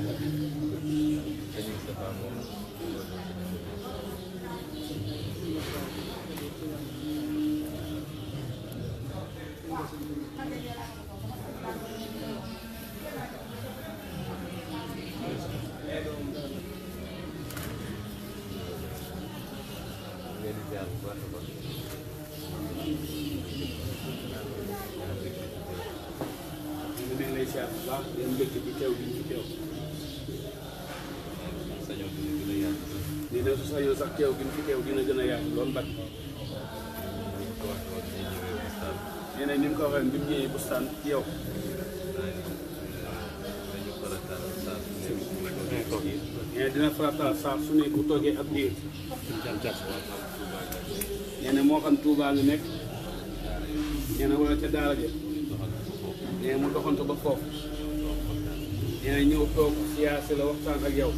indonesia bu yang begitu mbégte bi lii de su sañoon sax teew gi mu fi teew dina gën a yàgg loolu mbagg nee ni mu ko waxee bi mu ñëwee bustaan ci yow nee dina farataal saa su ne bu toogee ab diir nee moo xam Touba lu nekk nee na wala ca daara ja nee mu doxantu ba foofu nee ñëw toog siyaase la waxtaan ak yow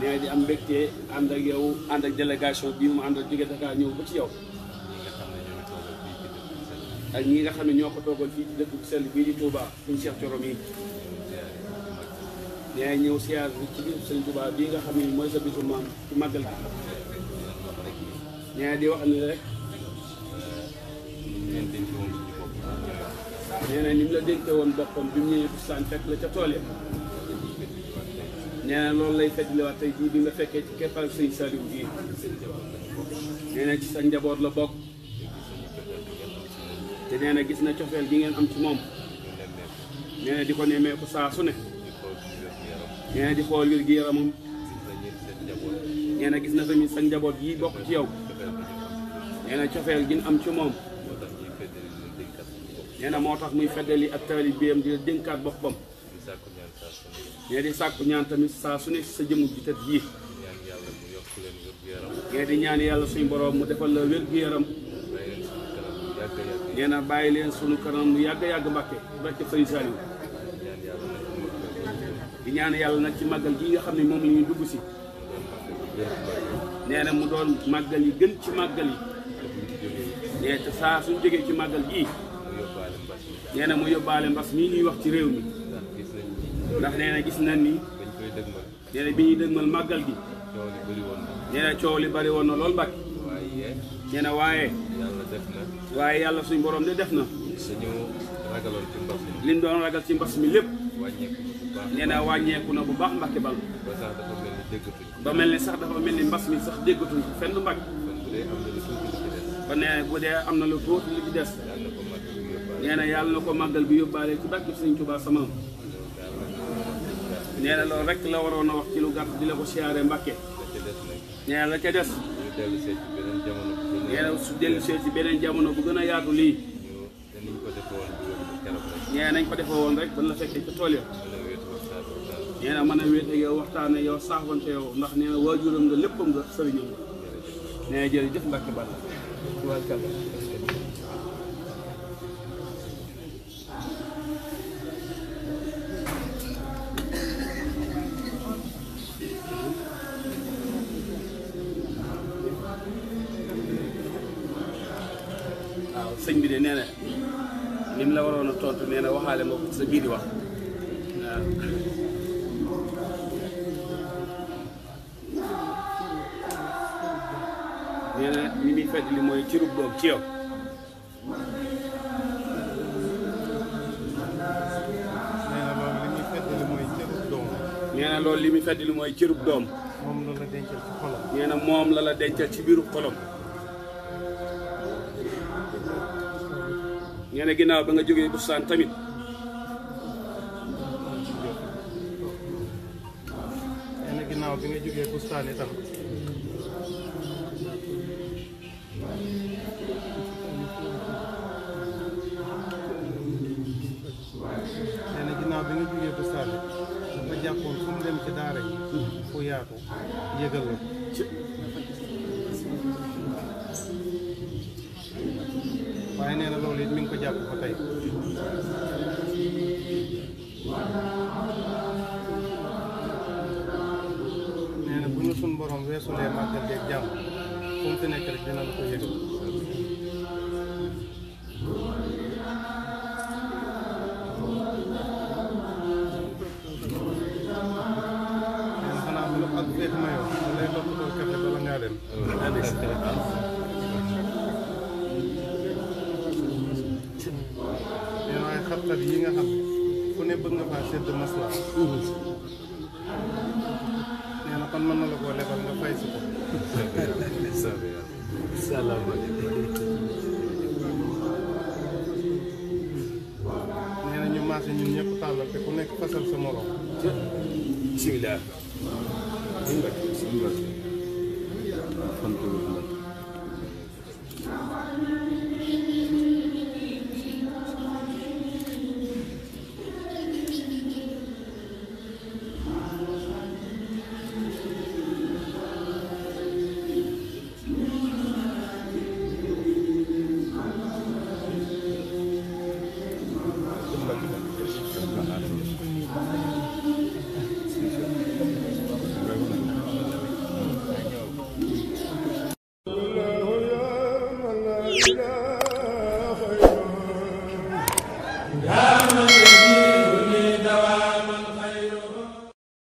nee di am mbégte ànd yow ànd ak bii mu ànd ak jóge Dakar ñëw ba ci yow ñi nga xam ne ñoo ko toogal ci dëkk bii di Touba suñu ñëw siyaar bi sëñ Touba bii nga xam ne mooy sa bisu ci màggal gi nee di wax ni rek nee na mu la dénte woon boppam bi mu ñëwee bu fekk la ca tool ya nee na loolu lay fajliwaat tey jii bi nga fekkee ci keppal sëñ Saliou gii nee na ci sa njaboot la bokk te nee na gis na cofeel gi ngeen am ci moom nee na di ko nemmeeku saa su ne nee na di xool wér gi yaramam nee na gis na tamit sa njaboot yi bokk ci yow nee na cofeel gi am ci moom nee na moo tax muy feddali ak taalibeem di dénkaat boppam nee di sàkku ñaan tamit saa su ne sa jëmm ji tat ji nee di ñaan yàlla suñu borom mu defal la wér gu yaram nee na bàyyi leen sunu kanam mu yàgg yàgg mbàkke mbàkke sëriñ Saliou di ñaan yàlla nag ci màggal gi nga xam ne moom la ñuy si nee na mu doon màggal yi gën ci màggal yi nee te saa suñ jógee ci màggal gii nee na mu yóbbaale mbas mi ñuy wax ci réew mi ndax nee na gis nañ ni. dañ koy dëgmal. bi ñuy dëgmal màggal gi. coow li coow li bari woon na lool mbàkk. waaye. nee waaye. yàlla def na. waaye yàlla suñu borom de def na. suñu ragaloon doon ragal ci mbas mi lépp. wàññeeku na bu na wàññeeku na bu baax mbàkk bal. ba mel ni ba mel ni sax dafa mel ni mbas mi sax déggatuñ fenn mbàkk. ba nee bu dee am na lu tuuti li ci des. nee na yàlla na ko màggal bi yóbbaale ci bàkki Sëñ Tuubaa sama nee na loolu rek la waroon a wax ci lu gàtt di la ko siyaare Mbàkke nee la ca des nee su dellu see ci beneen jamono bu gën a yaatu lii nee nañ ko defe woon rek ban la fekkee ca tool ya nee na mën a wéet ak yow waxtaan yow saafante yow ndax nee na waajuram nga léppam nga sëriñam nga nee na jërëjëf Mbàkke Balla ci sëñ bi de nee na li a tontu nee na sa biir wax li muy fekk li mooy cërub doom ci yow. nee loolu li muy fekk li mooy cërub doom. moom la la ci xolam. nee moom la la dencal ci biiru xolam. nee ginnaaw ba nga jógee bustaan tamit nee ginnaaw bi nga jógee bustaan itam nee ginnaaw bi nga jógee bustaan ba jàppoon fu dem ci daara yi fu yaatu yëgal la waaye nee na loolu it mi ngi ko jàpp ba tey nee na bu ñu suñ borom weesulee màggal geeg jàmm fu mu fi nekk rek dina la ko yëg nee na xanaa bu la ak feet mayoo lay toppatoo café bala ngaa dem nga xam ne ku ne nga faa sedd maslaa mm-hmm. nee na kon mën na la koo lebal nga fay si ko nee na ñu maase ñun ñëpp tàllal te ku nekk fasal sa morom bismillah